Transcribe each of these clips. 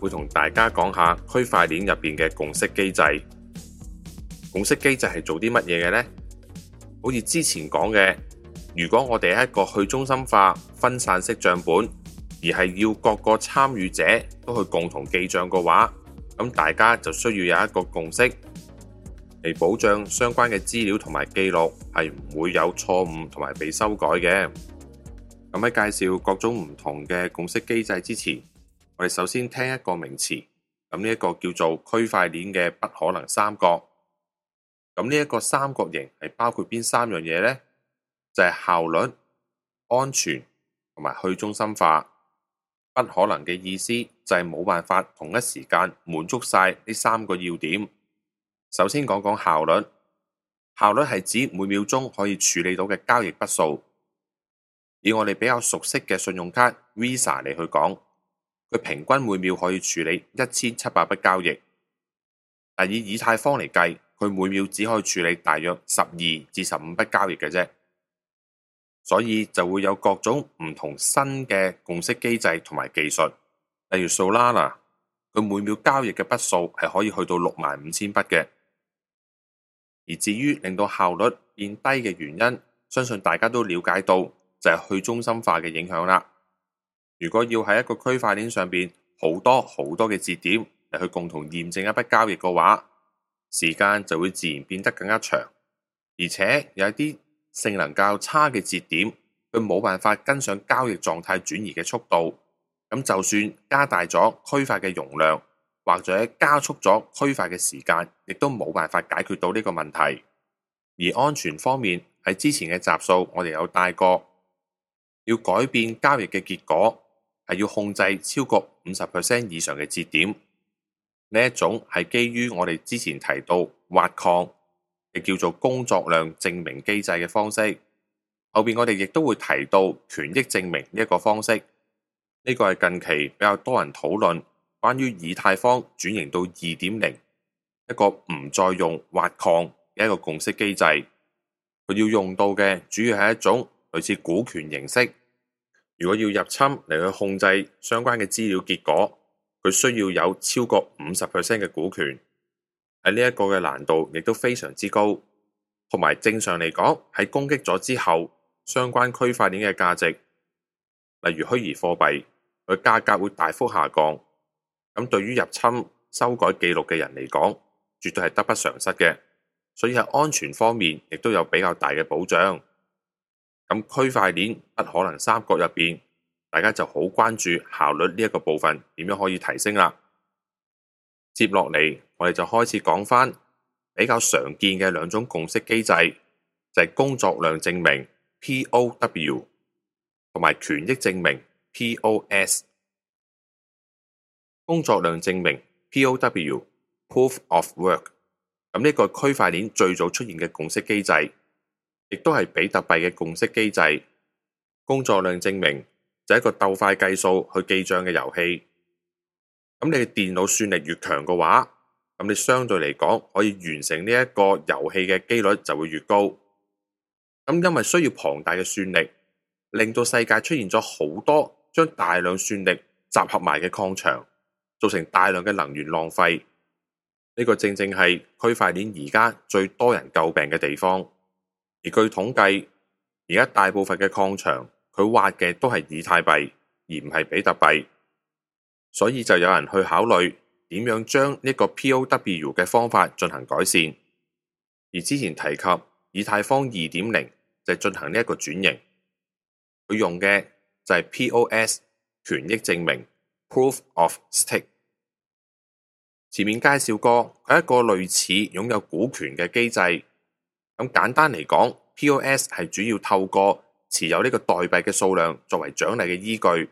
會同大家講下區塊鏈入邊嘅共識機制。共識機制係做啲乜嘢嘅呢？好似之前講嘅，如果我哋係一個去中心化分散式賬本，而係要各個參與者都去共同記賬嘅話，咁大家就需要有一個共識嚟保障相關嘅資料同埋記錄係唔會有錯誤同埋被修改嘅。咁喺介紹各種唔同嘅共識機制之前，我哋首先聽一個名詞，咁呢一個叫做區塊鏈嘅不可能三角。咁呢一個三角形係包括邊三樣嘢咧？就係效率、安全同埋去中心化。不可能嘅意思就係冇辦法同一時間滿足晒呢三個要點。首先講講效率，效率係指每秒鐘可以處理到嘅交易筆數。以我哋比較熟悉嘅信用卡 Visa 嚟去講。佢平均每秒可以處理一千七百筆交易，但以以太坊嚟計，佢每秒只可以處理大約十二至十五筆交易嘅啫，所以就會有各種唔同新嘅共識機制同埋技術，例如 Solana，佢每秒交易嘅筆數係可以去到六萬五千筆嘅，而至於令到效率變低嘅原因，相信大家都了解到就係去中心化嘅影響啦。如果要喺一個區塊鏈上邊好多好多嘅節點嚟去共同驗證一筆交易嘅話，時間就會自然變得更加長，而且有一啲性能較差嘅節點，佢冇辦法跟上交易狀態轉移嘅速度。咁就算加大咗區塊嘅容量，或者加速咗區塊嘅時間，亦都冇辦法解決到呢個問題。而安全方面，喺之前嘅集數我哋有帶過，要改變交易嘅結果，係要控制超過五十 percent 以上嘅節點，呢一種係基於我哋之前提到挖礦，亦叫做工作量證明機制嘅方式。後邊我哋亦都會提到權益證明呢一個方式，呢個係近期比較多人討論關於以太坊轉型到二點零一個唔再用挖礦嘅一個共識機制，佢要用到嘅主要係一種類似股權形式。如果要入侵嚟去控制相關嘅資料結果，佢需要有超過五十 percent 嘅股權，喺呢一個嘅難度亦都非常之高。同埋正常嚟講，喺攻擊咗之後，相關區塊鏈嘅價值，例如虛擬貨幣，佢價格會大幅下降。咁對於入侵修改記錄嘅人嚟講，絕對係得不償失嘅。所以喺安全方面亦都有比較大嘅保障。咁區塊鏈不可能三角入邊，大家就好關注效率呢一個部分點樣可以提升啦。接落嚟，我哋就開始講翻比較常見嘅兩種共識機制，就係工作量證明 （POW） 同埋權益證明 （POS）。工作量證明 （POW，Proof of Work） 咁呢個區塊鏈最早出現嘅共識機制。亦都係比特幣嘅共識機制，工作量證明就係一個鬥快計數去記帳嘅遊戲。咁你嘅電腦算力越強嘅話，咁你相對嚟講可以完成呢一個遊戲嘅機率就會越高。咁因為需要龐大嘅算力，令到世界出現咗好多將大量算力集合埋嘅礦場，造成大量嘅能源浪費。呢個正正係區塊鏈而家最多人詬病嘅地方。而據統計，而家大部分嘅礦場佢挖嘅都係以太幣，而唔係比特幣，所以就有人去考慮點樣將呢個 POW 嘅方法進行改善。而之前提及以太坊二點零就進行呢一個轉型，佢用嘅就係 POS 權益證明 Proof of Stake。前面介紹過，佢係一個類似擁有股權嘅機制。咁簡單嚟講。POS 係主要透過持有呢個代幣嘅數量作為獎勵嘅依據，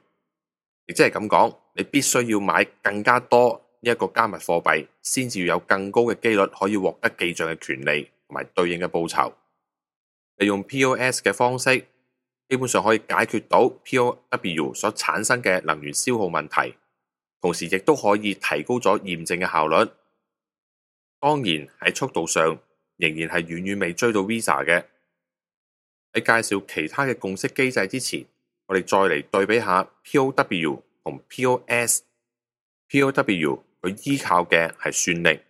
亦即係咁講，你必須要買更加多呢一個加密貨幣，先至有更高嘅機率可以獲得記賬嘅權利同埋對應嘅報酬。利用 POS 嘅方式，基本上可以解決到 POW 所產生嘅能源消耗問題，同時亦都可以提高咗驗證嘅效率。當然喺速度上，仍然係遠遠未追到 Visa 嘅。喺介紹其他嘅共識機制之前，我哋再嚟對比下 POW 同 POS。POW 佢依靠嘅係算力，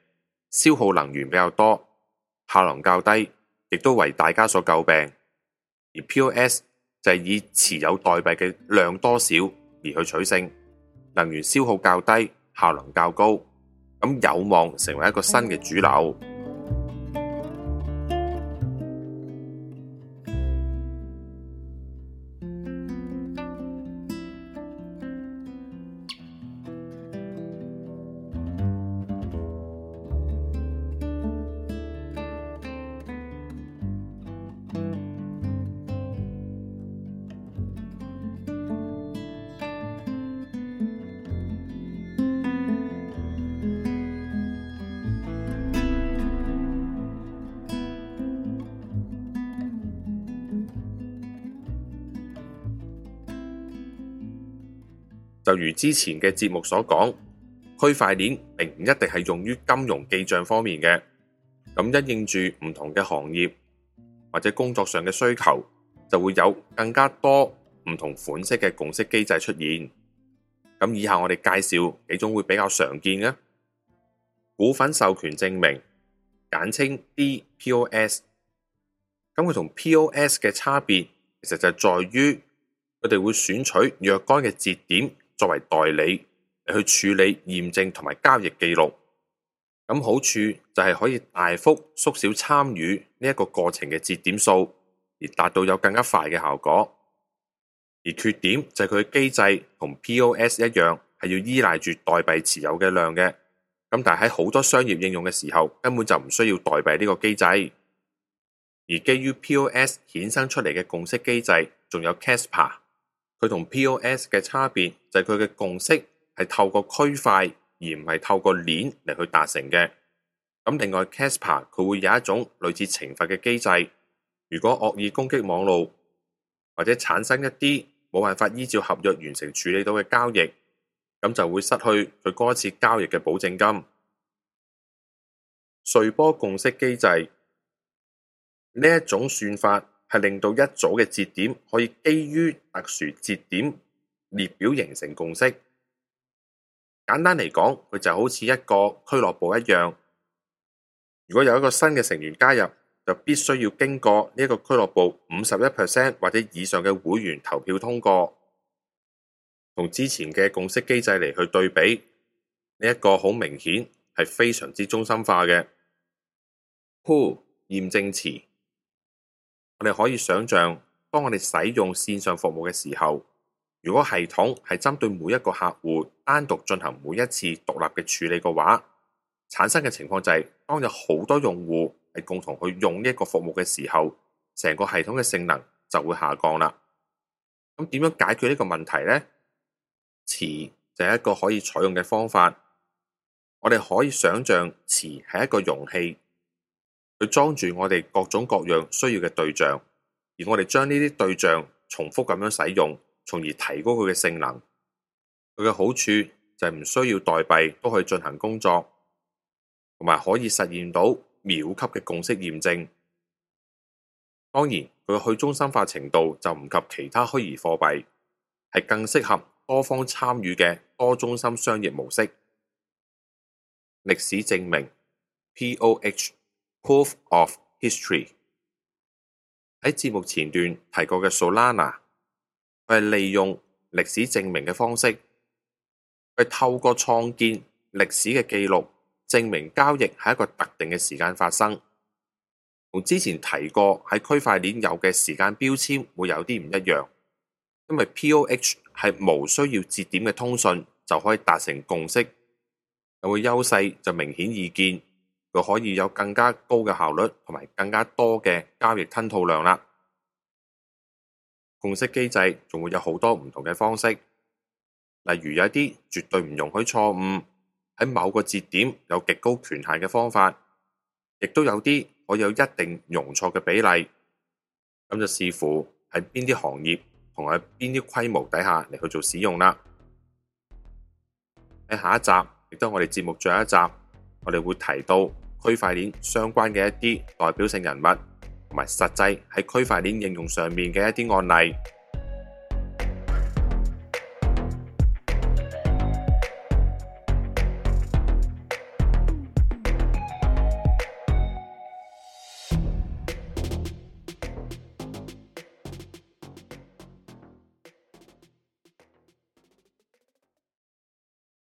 消耗能源比較多，效能較低，亦都為大家所詬病。而 POS 就係以持有代幣嘅量多少而去取勝，能源消耗較低，效能較高，咁有望成為一個新嘅主流。就如之前嘅節目所講，區塊鏈並唔一定係用於金融記賬方面嘅。咁，因應住唔同嘅行業或者工作上嘅需求，就會有更加多唔同款式嘅共識機制出現。咁，以下我哋介紹幾種會比較常見嘅股份授權證明，簡稱 DPOS。咁佢同 POS 嘅差別其實就係在於佢哋會選取若干嘅節點。作為代理去處理驗證同埋交易記錄，咁好處就係可以大幅縮小參與呢一個過程嘅節點數，而達到有更加快嘅效果。而缺點就係佢嘅機制同 POS 一樣，係要依賴住代幣持有嘅量嘅。咁但係喺好多商業應用嘅時候，根本就唔需要代幣呢個機制。而基於 POS 衍生出嚟嘅共識機制，仲有 Casper。佢同 P.O.S 嘅差別就係佢嘅共識係透過區塊而唔係透過鏈嚟去達成嘅。咁另外 Casper 佢會有一種類似懲罰嘅機制，如果惡意攻擊網路或者產生一啲冇辦法依照合約完成處理到嘅交易，咁就會失去佢嗰次交易嘅保證金。瑞波共識機制呢一種算法。係令到一組嘅節點可以基於特殊節點列表形成共識。簡單嚟講，佢就好似一個俱樂部一樣。如果有一個新嘅成員加入，就必須要經過呢一個俱樂部五十一%或者以上嘅會員投票通過。同之前嘅共識機制嚟去對比，呢、這、一個好明顯係非常之中心化嘅。鋪驗證驗證詞？我哋可以想象，當我哋使用線上服務嘅時候，如果系統係針對每一個客戶單獨進行每一次獨立嘅處理嘅話，產生嘅情況就係：當有好多用戶係共同去用呢一個服務嘅時候，成個系統嘅性能就會下降啦。咁點樣解決呢個問題呢？池就係一個可以採用嘅方法。我哋可以想象池係一個容器。佢裝住我哋各種各樣需要嘅對象，而我哋將呢啲對象重複咁樣使用，從而提高佢嘅性能。佢嘅好處就係唔需要代幣都可以進行工作，同埋可以實現到秒級嘅共識驗證。當然，佢嘅去中心化程度就唔及其他虛擬貨幣，係更適合多方參與嘅多中心商業模式。歷史證明，POH。PO H, Proof of History 喺節目前段提過嘅 Solana，佢係利用歷史證明嘅方式，去透過創建歷史嘅記錄，證明交易係一個特定嘅時間發生。同之前提過喺區塊鏈有嘅時間標籤會有啲唔一樣，因為 PoH 係無需要節點嘅通訊就可以達成共識，有個優勢就明顯易見。佢可以有更加高嘅效率同埋更加多嘅交易吞吐量啦。共識機制仲會有好多唔同嘅方式，例如有一啲絕對唔容許錯誤喺某個節點有極高權限嘅方法，亦都有啲可以有一定容錯嘅比例。咁就視乎喺邊啲行業同喺邊啲規模底下嚟去做使用啦。喺下一集亦都係我哋節目最後一集。我哋會提到區塊鏈相關嘅一啲代表性人物，同埋實際喺區塊鏈應用上面嘅一啲案例。